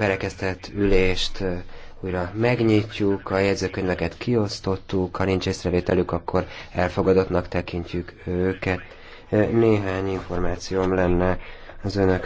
berekeztett ülést újra megnyitjuk, a jegyzőkönyveket kiosztottuk, ha nincs észrevételük, akkor elfogadottnak tekintjük őket. Néhány információm lenne az önök